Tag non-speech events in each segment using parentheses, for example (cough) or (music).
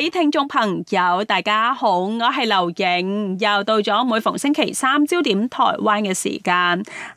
各位聽眾朋友，大家好，我係劉穎，又到咗每逢星期三焦點台灣嘅時間。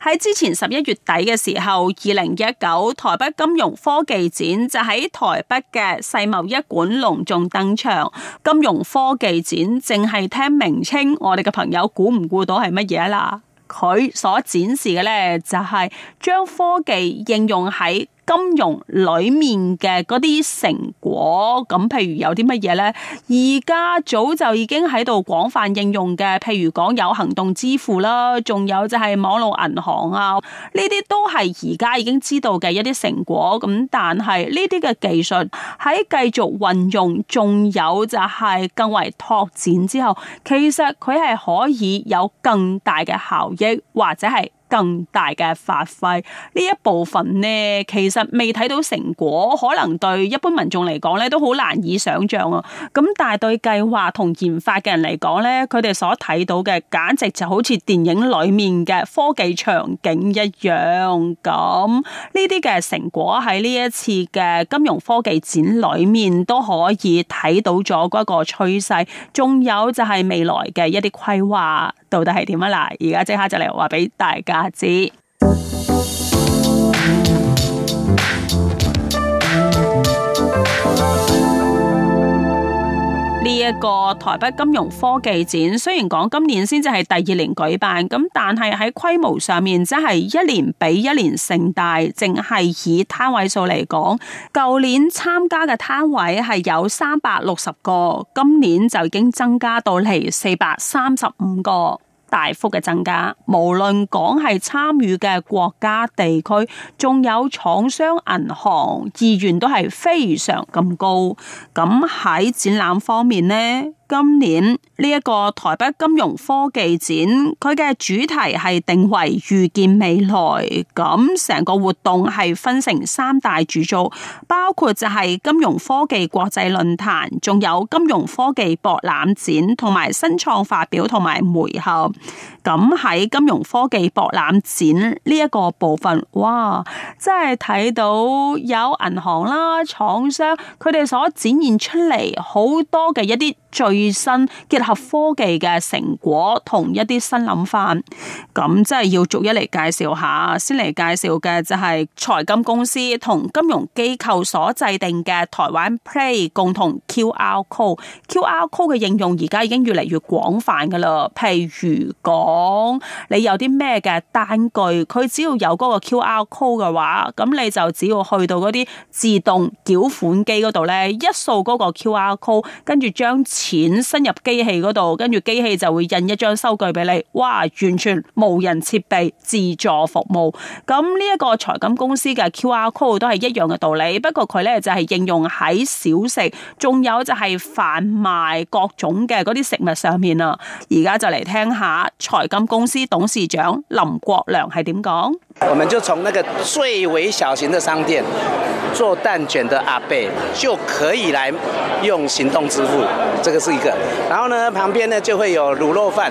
喺之前十一月底嘅時候，二零一九台北金融科技展就喺台北嘅世貿一館隆重登場。金融科技展淨係聽名稱，我哋嘅朋友估唔估到係乜嘢啦？佢所展示嘅咧就係將科技應用喺。金融裏面嘅嗰啲成果，咁譬如有啲乜嘢咧？而家早就已經喺度廣泛應用嘅，譬如講有行動支付啦，仲有就係網絡銀行啊，呢啲都係而家已經知道嘅一啲成果。咁但係呢啲嘅技術喺繼續運用，仲有就係更為拓展之後，其實佢係可以有更大嘅效益，或者係。更大嘅發揮呢一部分咧，其實未睇到成果，可能對一般民眾嚟講咧都好難以想象啊！咁但係對計劃同研發嘅人嚟講咧，佢哋所睇到嘅簡直就好似電影裏面嘅科技場景一樣咁。呢啲嘅成果喺呢一次嘅金融科技展裏面都可以睇到咗嗰個趨勢，仲有就係未來嘅一啲規劃到底係點啊？嗱，而家即刻就嚟話俾大家。子呢一個台北金融科技展，雖然講今年先至係第二年舉辦，咁但係喺規模上面真係一年比一年盛大。淨係以攤位數嚟講，舊年參加嘅攤位係有三百六十個，今年就已經增加到嚟四百三十五個。大幅嘅增加，無論講係參與嘅國家、地區，仲有廠商、銀行，意願都係非常咁高。咁喺展覽方面呢？今年呢一個台北金融科技展，佢嘅主題係定為預見未來，咁成個活動係分成三大主做，包括就係金融科技國際論壇，仲有金融科技博覽展，同埋新創發表同埋媒合。咁喺金融科技博覽展呢一個部分，哇，真係睇到有銀行啦、廠商，佢哋所展現出嚟好多嘅一啲最。最新結合科技嘅成果同一啲新諗法，咁即係要逐一嚟介紹下。先嚟介紹嘅就係財金公司同金融機構所制定嘅台灣 Play 共同 QR Code。QR Code 嘅應用而家已經越嚟越廣泛噶啦，譬如講你有啲咩嘅單據，佢只要有嗰個 QR Code 嘅話，咁你就只要去到嗰啲自動繳款機度咧，一掃嗰個 QR Code，跟住將錢。伸入機器嗰度，跟住機器就會印一張收據俾你。哇，完全無人設備自助服務。咁呢一個財金公司嘅 QR code 都係一樣嘅道理，不過佢呢就係、是、應用喺小食，仲有就係販賣各種嘅嗰啲食物上面啦、啊。而家就嚟聽下財金公司董事長林國良係點講。我們就從那個最微小型嘅商店做蛋捲的阿伯就可以來用行動支付，這個是。一個，然後呢，旁邊呢就會有卤肉飯，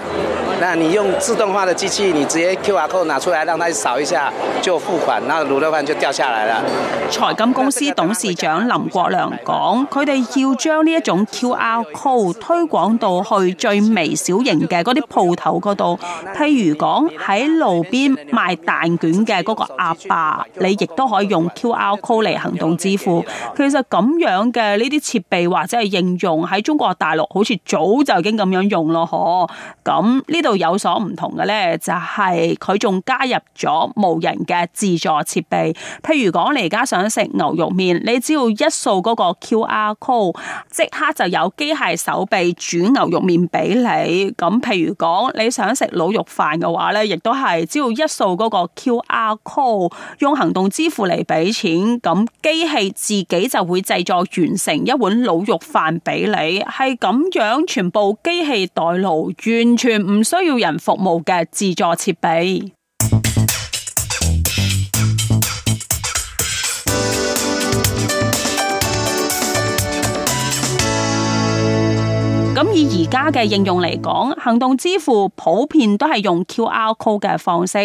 嗱你用自動化的機器，你直接 QR code 拿出來，讓他掃一下就付款，那卤肉飯就掉下來啦。財金公司董事長林國良講，佢哋要將呢一種 QR code 推廣到去最微小型嘅嗰啲鋪頭嗰度，譬如講喺路邊賣蛋卷嘅嗰個阿爸，你亦都可以用 QR code 嚟行動支付。其實咁樣嘅呢啲設備或者係應用喺中國大陸。好似早就已經咁樣用咯，嗬！咁呢度有所唔同嘅咧，就係佢仲加入咗無人嘅自助設備。譬如講，你而家想食牛肉麵，你只要一掃嗰個 QR code，即刻就有機械手臂煮牛肉麵俾你。咁、嗯、譬如講，你想食滷肉飯嘅話咧，亦都係只要一掃嗰個 QR code，用行動支付嚟俾錢，咁機器自己就會製作完成一碗滷肉飯俾你，係咁。咁樣全部機器代勞，完全唔需要人服務嘅自助設備。咁 (music) 以而家嘅應用嚟講，行動支付普遍都係用 QR code 嘅方式。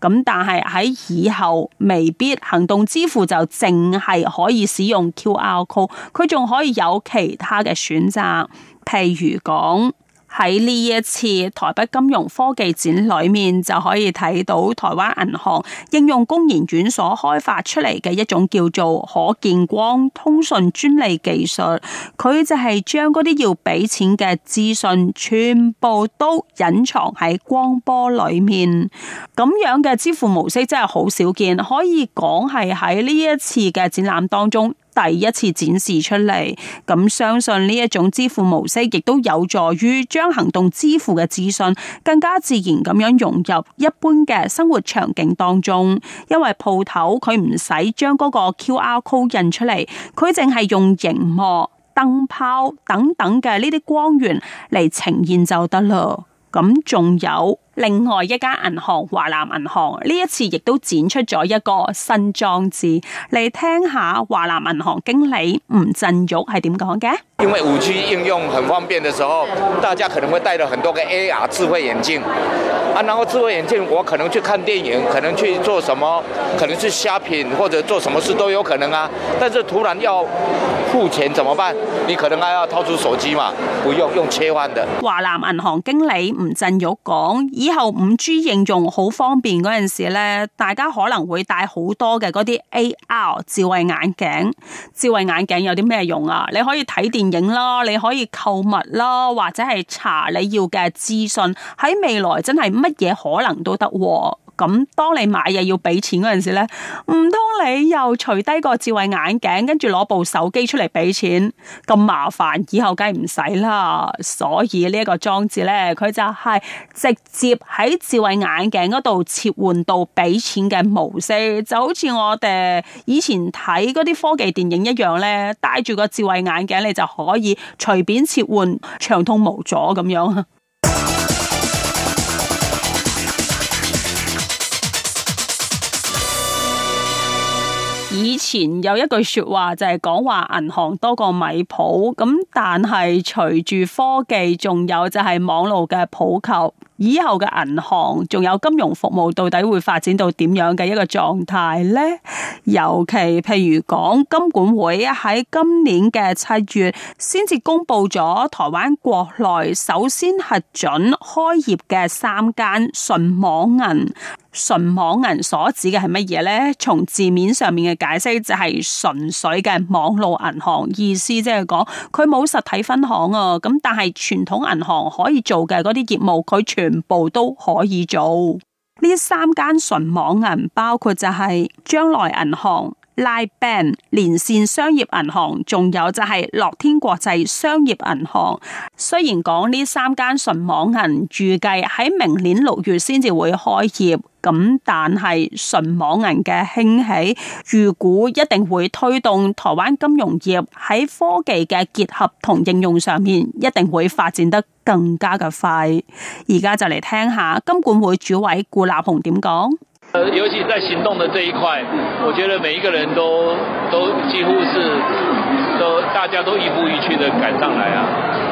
咁但係喺以後未必行動支付就淨係可以使用 QR code，佢仲可以有其他嘅選擇。譬如講喺呢一次台北金融科技展裏面，就可以睇到台灣銀行應用工研院所開發出嚟嘅一種叫做可見光通訊專利技術，佢就係將嗰啲要俾錢嘅資訊全部都隱藏喺光波裏面，咁樣嘅支付模式真係好少見，可以講係喺呢一次嘅展覽當中，第一次展示出嚟，咁相信呢一種支付模式亦都有助於將行動支付嘅資訊更加自然咁樣融入一般嘅生活場景當中。因為鋪頭佢唔使將嗰個 QR Code 印出嚟，佢淨係用熒幕、燈泡等等嘅呢啲光源嚟呈現就得啦。咁仲有。另外一家銀行華南銀行呢一次亦都展出咗一個新裝置，你聽下華南銀行經理吳振玉係點講嘅。因為 5G 應用很方便嘅時候，大家可能會戴咗很多個 AR 智慧眼鏡啊，然後智慧眼鏡我可能去看電影，可能去做什麼，可能去 shopping 或者做什麼事都有可能啊。但是突然要付錢怎麼辦？你可能要掏出手機嘛，不用用切換的。華南銀行經理吳振玉講。以後 5G 應用好方便嗰陣時咧，大家可能會戴好多嘅嗰啲 AR 智慧眼鏡。智慧眼鏡有啲咩用啊？你可以睇電影啦，你可以購物啦，或者係查你要嘅資訊。喺未來真係乜嘢可能都得啊。咁當你買嘢要俾錢嗰陣時咧，唔通你又除低個智慧眼鏡，跟住攞部手機出嚟俾錢咁麻煩，以後梗係唔使啦。所以呢一個裝置咧，佢就係直接喺智慧眼鏡嗰度切換到俾錢嘅模式，就好似我哋以前睇嗰啲科技電影一樣咧，戴住個智慧眼鏡你就可以隨便切換，暢通無阻咁樣。以前有一句話、就是、說話就係講話，銀行多過米鋪，咁但係隨住科技仲有就係網路嘅普及。以後嘅銀行仲有金融服務到底會發展到點樣嘅一個狀態咧？尤其譬如講，金管會喺今年嘅七月先至公布咗台灣國內首先核准開業嘅三間純網銀。純網銀所指嘅係乜嘢咧？從字面上面嘅解釋就係純粹嘅網絡銀行意思，即係講佢冇實體分行啊。咁但係傳統銀行可以做嘅嗰啲業務，佢全。全部都可以做。呢三間純網銀，包括就係將來銀行、LINE Bank 連線商業銀行，仲有就係樂天國際商業銀行。雖然講呢三間純網銀預計喺明年六月先至會開業，咁但係純網銀嘅興起，預估一定會推動台灣金融業喺科技嘅結合同應用上面，一定會發展得更加嘅快。而家就嚟聽下金管會主委顧立雄點講。呃，尤其在行動的這一塊，我覺得每一個人都都幾乎是都大家都亦步亦趨的趕上來啊。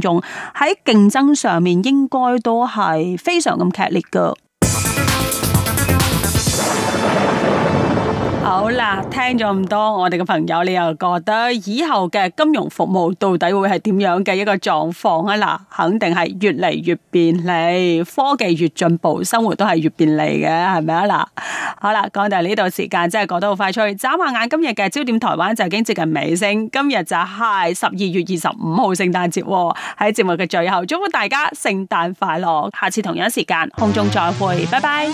競爭喺競爭上面，應該都係非常咁劇烈嘅。好啦，聽咗咁多，我哋嘅朋友，你又覺得以後嘅金融服務到底會係點樣嘅一個狀況啊？嗱，肯定係越嚟越便利，科技越進步，生活都係越便利嘅，係咪啊？嗱，好啦，講到呢度時間真係講得好快脆，眨下眼今日嘅焦點台灣就已經接近尾聲，今日就係十二月二十五號聖誕節喎。喺節目嘅最後，祝福大家聖誕快樂，下次同樣時間空中再會，拜拜。